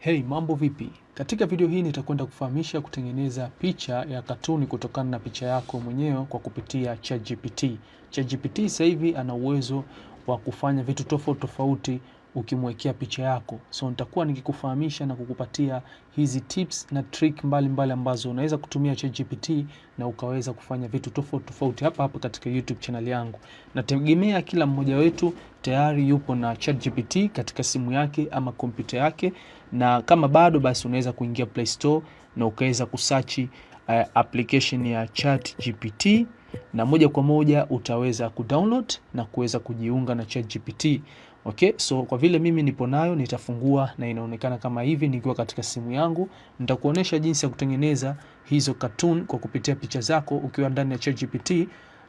Hey, mambo vipi? Katika video hii nitakwenda kufahamisha kutengeneza picha ya katuni kutokana na picha yako mwenyewe kwa kupitia ChatGPT. ChatGPT sasa hivi ana uwezo wa kufanya vitu tofauti tofauti ukimwekea picha yako. So nitakuwa nikikufahamisha na kukupatia hizi tips na trick mbalimbali mbali ambazo unaweza kutumia ChatGPT na ukaweza kufanya vitu tofauti tofauti hapa hapa katika YouTube channel yangu. Nategemea kila mmoja wetu tayari yupo na ChatGPT katika simu yake ama kompyuta yake, na kama bado, basi unaweza kuingia Play Store na ukaweza kusachi uh, eh, application ya ChatGPT na moja kwa moja utaweza kudownload na kuweza kujiunga na ChatGPT. Okay, so kwa vile mimi nipo nayo nitafungua na inaonekana kama hivi nikiwa katika simu yangu. Nitakuonesha jinsi ya kutengeneza hizo cartoon kwa kupitia picha zako ukiwa ndani ya ChatGPT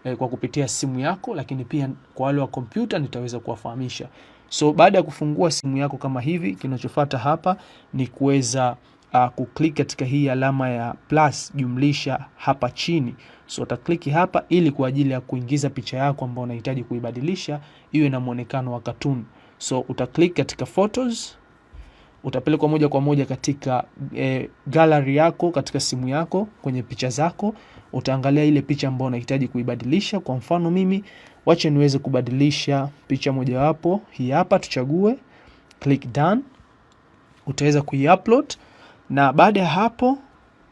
eh, kwa kupitia simu yako, lakini pia kwa wale wa kompyuta nitaweza kuwafahamisha. So baada ya kufungua simu yako kama hivi, kinachofuata hapa ni kuweza uh, kuklik katika hii alama ya plus jumlisha hapa chini. So utakliki hapa ili kwa ajili ya kuingiza picha yako ambayo unahitaji kuibadilisha iwe na mwonekano wa katuni. So utaklik katika photos, utapelekwa moja kwa moja katika e, gallery yako katika simu yako. Kwenye picha zako utaangalia ile picha ambayo unahitaji kuibadilisha. Kwa mfano mimi, wacha niweze kubadilisha picha mojawapo hii hapa, tuchague click done, utaweza kuiupload na baada ya hapo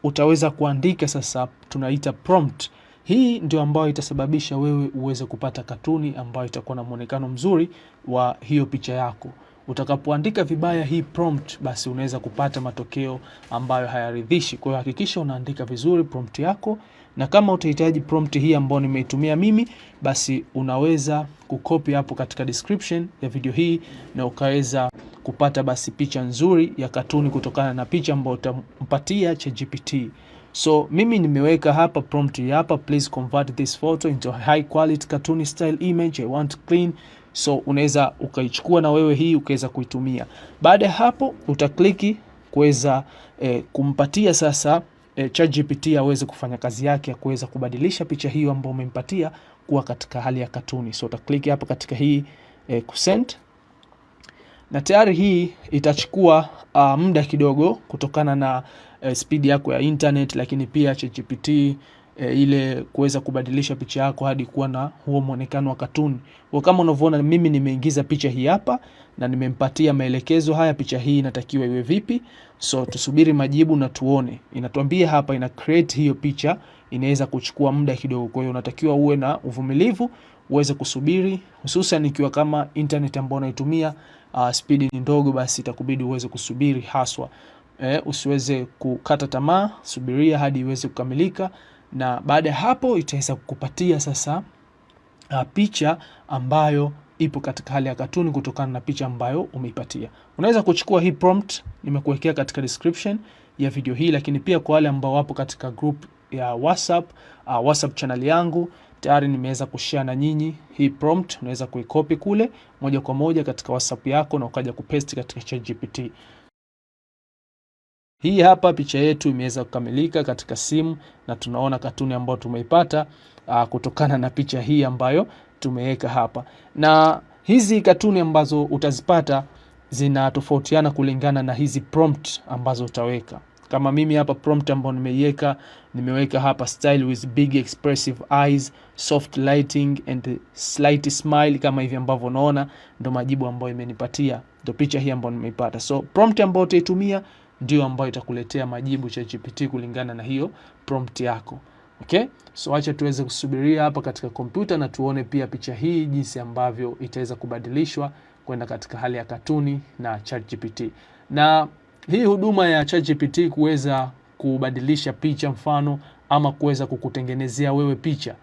utaweza kuandika sasa, tunaita prompt. Hii ndio ambayo itasababisha wewe uweze kupata katuni ambayo itakuwa na mwonekano mzuri wa hiyo picha yako. Utakapoandika vibaya hii prompt, basi unaweza kupata matokeo ambayo hayaridhishi. Kwa hiyo hakikisha unaandika vizuri prompt yako, na kama utahitaji prompt hii ambayo nimeitumia mimi, basi unaweza kukopi hapo katika description ya video hii na ukaweza kupata basi picha nzuri ya katuni kutokana na picha ambayo utampatia ChatGPT. So mimi nimeweka hapa prompt hapa, please convert this photo into a high quality cartoon style image I want clean So unaweza ukaichukua na wewe hii ukaweza kuitumia. Baada ya hapo utakliki kuweza e, kumpatia sasa e, ChatGPT aweze kufanya kazi yake ya kuweza kubadilisha picha hiyo ambayo umempatia kuwa katika hali ya katuni. So utakliki hapa katika hii e, kusend na tayari hii itachukua uh, muda kidogo kutokana na uh, spidi yako ya internet, lakini pia ChatGPT e, ile kuweza kubadilisha picha yako hadi kuwa na huo mwonekano wa katuni. Kwa kama unavyoona, mimi nimeingiza picha hii hapa na nimempatia maelekezo haya, picha hii inatakiwa iwe vipi. So tusubiri majibu na tuone. Inatuambia hapa ina create hiyo picha, inaweza kuchukua muda kidogo. Kwa hiyo unatakiwa uwe na uvumilivu, uweze kusubiri, hususan ikiwa kama internet ambayo unaitumia uh, speed ni ndogo, basi itakubidi uweze kusubiri haswa. Eh, usiweze kukata tamaa, subiria hadi iweze kukamilika na baada ya hapo itaweza kukupatia sasa uh, picha ambayo ipo katika hali ya katuni kutokana na picha ambayo umeipatia. Unaweza kuchukua hii prompt nimekuwekea katika description ya video hii, lakini pia kwa wale ambao wapo katika group ya WhatsApp, uh, WhatsApp channel yangu tayari nimeweza kushare na nyinyi hii prompt. Unaweza kuikopi kule moja kwa moja katika WhatsApp yako na ukaja kupaste katika ChatGPT. Hii hapa picha yetu imeweza kukamilika katika simu na tunaona katuni ambayo tumeipata uh, kutokana na picha hii ambayo tumeweka hapa. Na hizi katuni ambazo utazipata zinatofautiana kulingana na hizi prompt ambazo utaweka. Kama mimi hapa prompt ambayo nimeiweka, nimeweka hapa style with big expressive eyes, soft lighting and slight smile, kama hivi ambavyo unaona, ndo majibu ambayo imenipatia, ndo picha hii ambayo nimeipata. So prompt ambayo utaitumia ndio ambayo itakuletea majibu ChatGPT kulingana na hiyo prompt yako. Okay? So acha tuweze kusubiria hapa katika kompyuta na tuone pia picha hii jinsi ambavyo itaweza kubadilishwa kwenda katika hali ya katuni na ChatGPT. Na hii huduma ya ChatGPT kuweza kubadilisha picha mfano ama kuweza kukutengenezea wewe picha.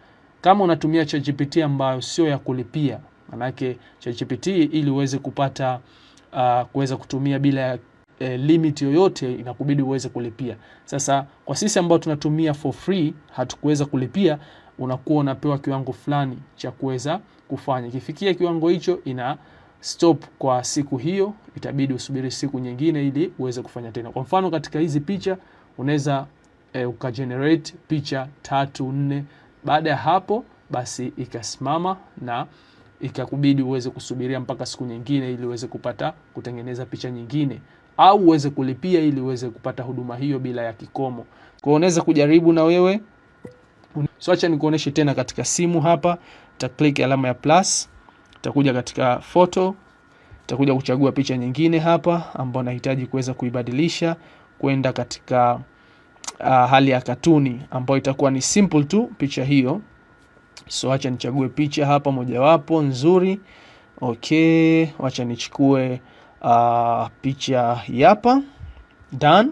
Kama unatumia ChatGPT ambayo sio ya kulipia, manake ChatGPT ili uweze kupata uh, kuweza kutumia bila e, limit yoyote inakubidi uweze kulipia. Sasa kwa sisi ambao tunatumia for free hatukuweza kulipia, unakuwa unapewa kiwango fulani cha kuweza kufanya. Ikifikia kiwango hicho ina stop kwa siku hiyo, itabidi usubiri siku nyingine ili uweze kufanya tena. Kwa mfano katika hizi picha unaweza e, ukagenerate picha tatu nne. Baada ya hapo basi ikasimama na ikakubidi uweze kusubiria mpaka siku nyingine ili uweze kupata kutengeneza picha nyingine au uweze kulipia ili uweze kupata huduma hiyo bila ya kikomo. Kwa hiyo unaweza kujaribu na wewe. So acha nikuoneshe tena katika simu hapa, ta click alama ya plus, utakuja katika photo, utakuja kuchagua picha nyingine hapa ambayo nahitaji kuweza kuibadilisha kwenda katika uh, hali ya katuni ambayo itakuwa ni simple tu picha hiyo. So acha nichague picha hapa mojawapo nzuri. Okay, wacha nichukue uh, picha hapa done,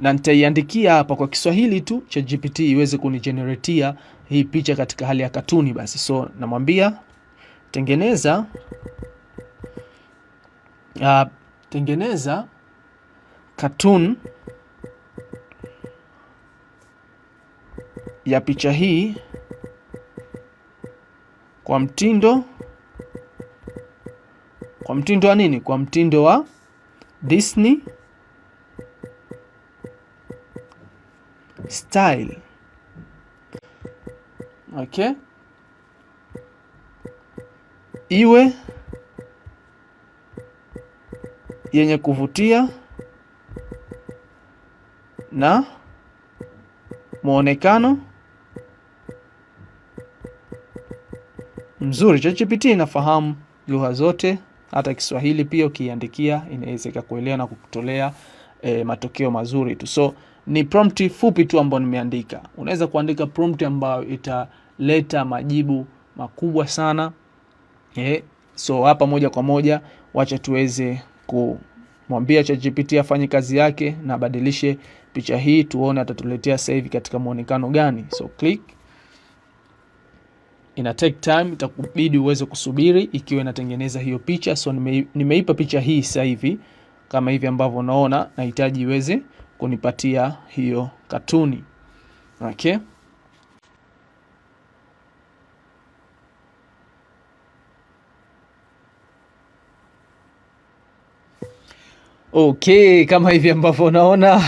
na nitaiandikia hapa kwa Kiswahili tu cha GPT iweze kunigeneratea hii picha katika hali ya katuni. Basi so namwambia tengeneza, uh, tengeneza katuni ya picha hii kwa mtindo kwa mtindo wa nini? Kwa mtindo wa Disney style. Okay, iwe yenye kuvutia na mwonekano mzuri. ChatGPT inafahamu lugha zote, hata Kiswahili pia ukiandikia inaweza ikakuelewa na kukutolea e, matokeo mazuri tu. So ni prompt fupi tu ambayo nimeandika. Unaweza kuandika prompt ambayo italeta majibu makubwa sana e, so hapa moja kwa moja, wacha tuweze kumwambia ChatGPT afanye kazi yake na badilishe picha hii, tuone atatuletea sasa hivi katika muonekano gani. So click ina take time, itakubidi uweze kusubiri ikiwa inatengeneza hiyo picha. So nime, nimeipa picha hii sasa hivi kama hivi ambavyo unaona, nahitaji iweze kunipatia hiyo katuni okay. Okay, kama hivi ambavyo unaona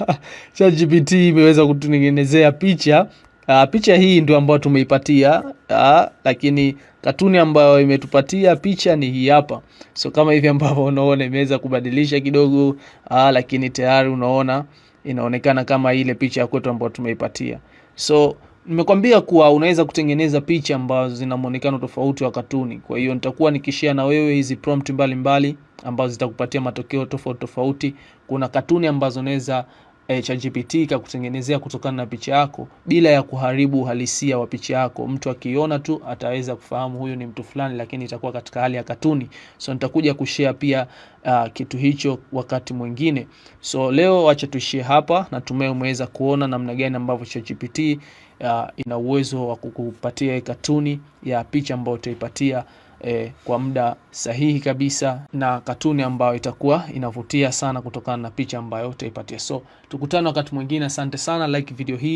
ChatGPT imeweza kutengenezea picha Uh, picha hii ndio ambayo tumeipatia uh, lakini katuni ambayo imetupatia picha ni hii hapa. So kama hivi ambavyo unaona imeweza kubadilisha kidogo uh, lakini tayari unaona inaonekana kama ile picha ya kwetu ambayo tumeipatia. So nimekwambia kuwa unaweza kutengeneza picha ambazo zina muonekano tofauti wa katuni. Kwa hiyo nitakuwa nikishare na wewe hizi prompt mbalimbali ambazo zitakupatia matokeo tofauti tofauti. Kuna katuni ambazo unaweza e, ChatGPT ikakutengenezea kutokana na picha yako bila ya kuharibu uhalisia wa picha yako. Mtu akiona tu ataweza kufahamu huyu ni mtu fulani, lakini itakuwa katika hali ya katuni. So nitakuja kushare pia uh, kitu hicho wakati mwingine. So leo wacha tuishie hapa, natumai umeweza kuona namna gani ambavyo ChatGPT uh, ina uwezo wa kukupatia katuni ya picha ambayo utaipatia e, kwa muda sahihi kabisa na katuni ambayo itakuwa inavutia sana kutokana na picha ambayo utaipatia. So tukutane wakati mwingine. Asante sana, like video hii.